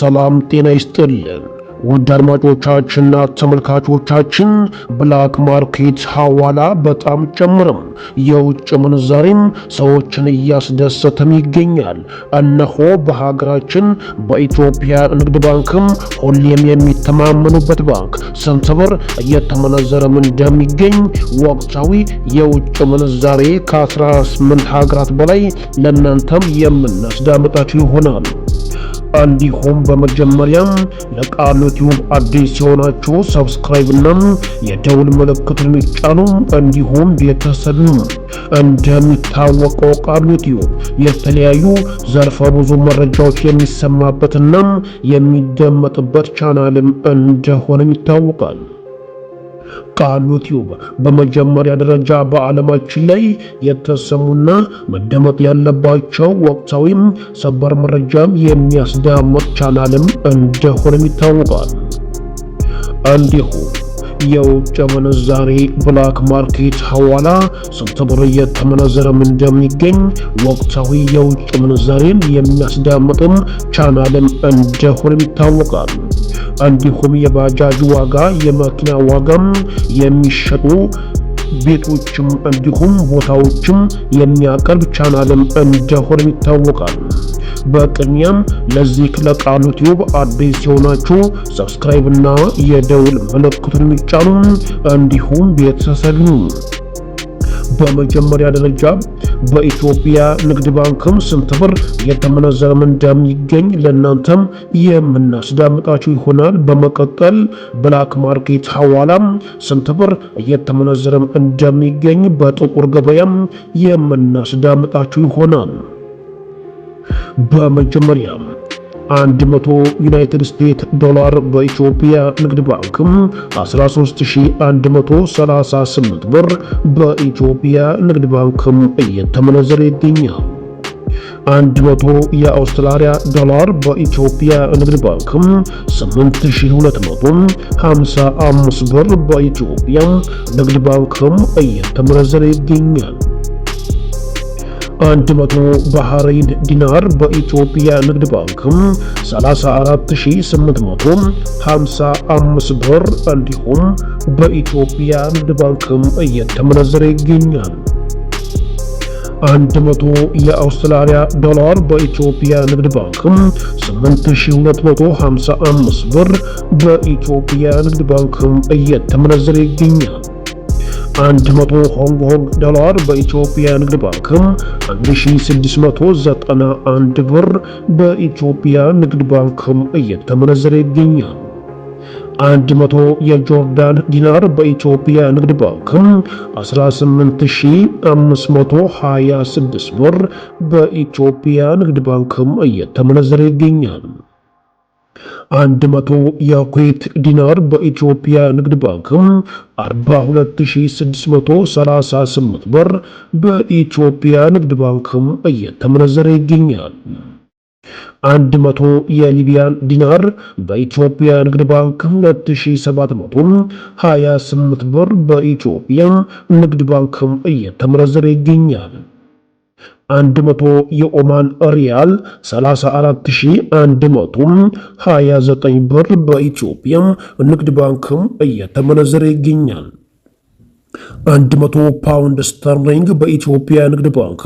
ሰላም ጤና ይስጥልን ውድ አድማጮቻችንና ተመልካቾቻችን ብላክ ማርኬት ሐዋላ በጣም ጨምርም የውጭ ምንዛሬም ሰዎችን እያስደሰተም ይገኛል። እነሆ በሀገራችን በኢትዮጵያ ንግድ ባንክም ሁሌም የሚተማመኑበት ባንክ ስንት ብር እየተመነዘረም እንደሚገኝ ወቅታዊ የውጭ ምንዛሬ ከ18 ሀገራት በላይ ለእናንተም የምናስዳምጣችሁ ይሆናል። እንዲሁም በመጀመሪያም ለቃሉ ቲዩብ አዲስ የሆናችሁ ሰብስክራይብ እና የደውል ምልክቱን የሚጫኑ እንዲሁም ቤተሰብ እንደሚታወቀው ቃሉ ቲዩብ የተለያዩ ዘርፈ ብዙ መረጃዎች የሚሰማበትና የሚደመጥበት ቻናልም እንደሆነም ይታወቃል። ቃሉ ቲዩብ በመጀመሪያ ደረጃ በዓለማችን ላይ የተሰሙና መደመጥ ያለባቸው ወቅታዊም ሰበር መረጃም የሚያስዳምጥ ቻናልም እንደሆነም ይታወቃል። እንዲሁ የውጭ ምንዛሬ ብላክ ማርኬት ሐዋላ ስንት ብር እየተመነዘረም እንደሚገኝ ወቅታዊ የውጭ ምንዛሬን የሚያስዳምጥም ቻናልም እንደሆነም ይታወቃል። እንዲሁም የባጃጅ ዋጋ፣ የመኪና ዋጋም፣ የሚሸጡ ቤቶችም እንዲሁም ቦታዎችም የሚያቀርብ ቻናልም እንደሆነ ይታወቃል። በቅድሚያም ለዚህ ለቃሉ ቲዩብ አዲስ የሆናችሁ ሰብስክራይብ እና የደውል ምልክቱን የሚጫኑ እንዲሁም ቤተሰብ በመጀመሪያ ደረጃ በኢትዮጵያ ንግድ ባንክም ስንት ብር የተመነዘረም እንደሚገኝ ለእናንተም የምናስዳምጣችሁ ይሆናል። በመቀጠል ብላክ ማርኬት ሐዋላም ስንት ብር እየተመነዘረም እንደሚገኝ በጥቁር ገበያም የምናስዳምጣችሁ ይሆናል። በመጀመሪያ 100 ዩናይትድ ስቴትስ ዶላር በኢትዮጵያ ንግድ ባንክም 13138 ብር በኢትዮጵያ ንግድ ባንክም እየተመነዘረ ይገኛል። 100 የአውስትራሊያ ዶላር በኢትዮጵያ ንግድ ባንክም 8255 ብር በኢትዮጵያ ንግድ ባንክም እየተመነዘረ ይገኛል። 100 ባህሬን ዲናር በኢትዮጵያ ንግድ ባንክም 34855 ብር እንዲሁም በኢትዮጵያ ንግድ ባንክም እየተመነዘረ ይገኛል። 100 የአውስትራሊያ ዶላር በኢትዮጵያ ንግድ ባንክም 8255 ብር በኢትዮጵያ ንግድ ባንክም እየተመነዘረ ይገኛል። 100 ሆንግ ኮንግ ዶላር በኢትዮጵያ ንግድ ባንክም 1691 ብር በኢትዮጵያ ንግድ ባንክም እየተመነዘረ ይገኛል። 100 የጆርዳን ዲናር በኢትዮጵያ ንግድ ባንክም 18526 ብር በኢትዮጵያ ንግድ ባንክም እየተመነዘረ ይገኛል። አንድ መቶ የኩዌት ዲናር በኢትዮጵያ ንግድ ባንክም 42638 ብር በኢትዮጵያ ንግድ ባንክም እየተመነዘረ ይገኛል። መቶ የሊቢያን ዲናር በኢትዮጵያ ንግድ ባንክ 2728 ብር በኢትዮጵያ ንግድ ባንክም እየተመነዘረ ይገኛል። 100 የኦማን ሪያል 34129 ብር በኢትዮጵያ ንግድ ባንክም እየተመነዘረ ይገኛል። 100 ፓውንድ ስተርሊንግ በኢትዮጵያ ንግድ ባንክ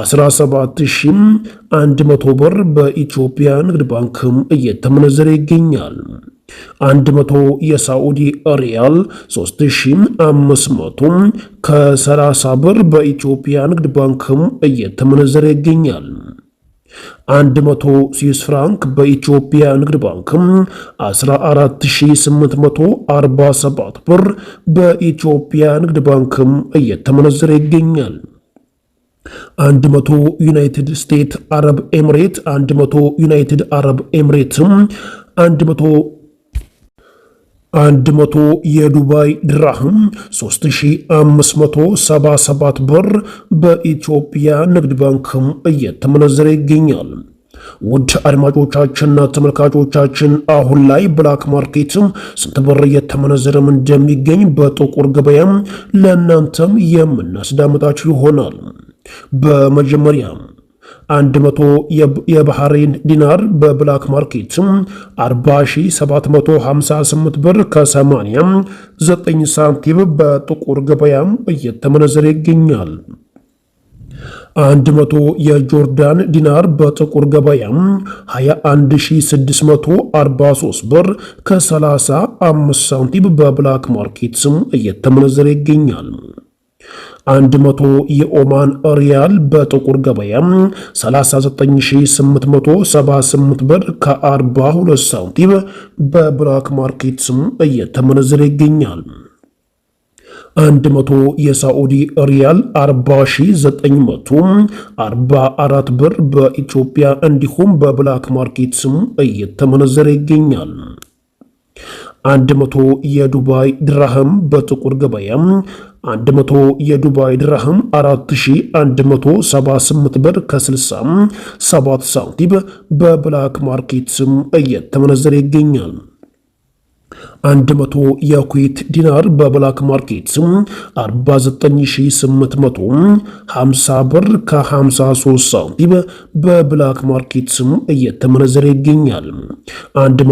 17100 ብር በኢትዮጵያ ንግድ ባንክም እየተመነዘረ ይገኛል። 100 የሳዑዲ ሪያል 3500 ከ30 ብር በኢትዮጵያ ንግድ ባንክም እየተመነዘረ ይገኛል። 100 ስዊስ ፍራንክ በኢትዮጵያ ንግድ ባንክም 14847 ብር በኢትዮጵያ ንግድ ባንክም እየተመነዘረ ይገኛል። 100 ዩናይትድ ስቴትስ አረብ ኤምሬት 100 ዩናይትድ አረብ ኤምሬትም 100 አንድ መቶ የዱባይ ድራህም 3577 ብር በኢትዮጵያ ንግድ ባንክም እየተመነዘረ ይገኛል። ውድ አድማጮቻችንና ተመልካቾቻችን አሁን ላይ ብላክ ማርኬትም ስንት ብር እየተመነዘረም እንደሚገኝ በጥቁር ገበያም ለእናንተም የምናስዳምጣችሁ ይሆናል። በመጀመሪያ 100 የባህሬን ዲናር በብላክ ማርኬት 40758 ብር ከ89 ሳንቲም በጥቁር ገበያም እየተመነዘረ ይገኛል። 100 የጆርዳን ዲናር በጥቁር ገበያም 21643 ብር ከ35 ሳንቲም በብላክ ማርኬት ስም እየተመነዘረ ይገኛል። 100 የኦማን ሪያል በጥቁር ገበያ 39878 ብር ከ42 ሳንቲም በብላክ ማርኬት ስም እየተመነዘረ ይገኛል። 100 የሳዑዲ ሪያል 40944 ብር በኢትዮጵያ እንዲሁም በብላክ ማርኬት ስም እየተመነዘረ ይገኛል። 100 የዱባይ ድራህም በጥቁር ገበያ 100 የዱባይ ድራህም 4178 ብር ከ67 ሳንቲም በብላክ ማርኬት እየተመነዘረ ይገኛል። 100 የኩዌት ዲናር በብላክ ማርኬት 49850 ብር ከ53 ሳንቲም በብላክ ማርኬት ስም እየተመነዘረ ይገኛል።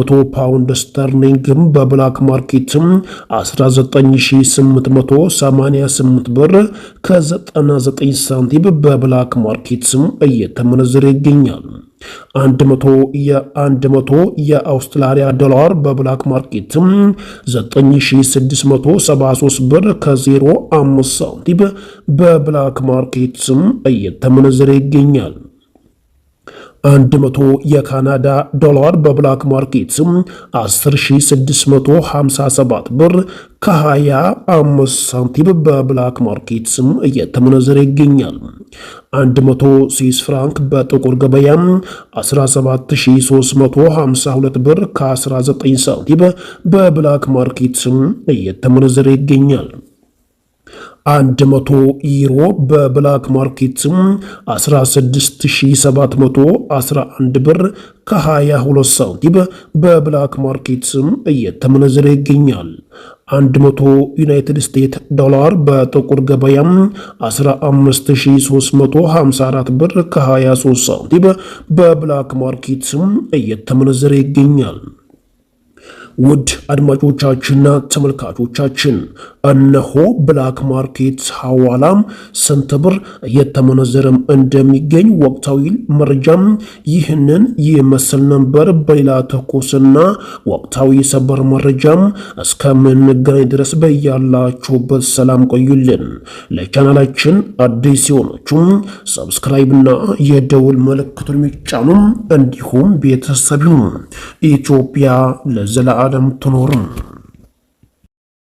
100 ፓውንድ ስተርሊንግም በብላክ ማርኬት 19888 ብር ከ99 ሳንቲም በብላክ ማርኬት ስም እየተመነዘረ ይገኛል። 100 መቶ 100 የአውስትራሊያ ዶላር በብላክ ማርኬት 9673 ብር ከ05 ሳንቲም በብላክ ማርኬት እየተመነዘረ ይገኛል። 100 የካናዳ ዶላር በብላክ ማርኬት 10657 ብር ከ25 ሳንቲም በብላክ ማርኬት ስም እየተመነዘረ ይገኛል። 100 ስዊስ ፍራንክ በጥቁር ገበያ 17352 ብር ከ19 ሳንቲም በብላክ ማርኬት ስም እየተመነዘረ ይገኛል። አንድ መቶ ዩሮ በብላክ ማርኬትም 16711 ብር ከ22 ሳንቲም በብላክ ማርኬትም እየተመነዘረ ይገኛል። 100 ዩናይትድ ስቴትስ ዶላር በጥቁር ገበያም 15354 ብር ከ23 ሳንቲም በብላክ ማርኬትም እየተመነዘረ ይገኛል። ውድ አድማጮቻችንና ተመልካቾቻችን እነሆ ብላክ ማርኬት ሐዋላም ስንት ብር እየተመነዘረም እንደሚገኝ ወቅታዊ መረጃም ይህንን ይመስል ነበር። በሌላ ተኮስና ወቅታዊ ሰበር መረጃም እስከምንገናኝ ድረስ በያላችሁበት ሰላም ቆዩልን። ለቻናላችን አዲስ የሆናችሁም ሰብስክራይብና የደውል ምልክቱን የሚጫኑም እንዲሁም ቤተሰብ ኢትዮጵያ ለዘላ ጋር ትኖርም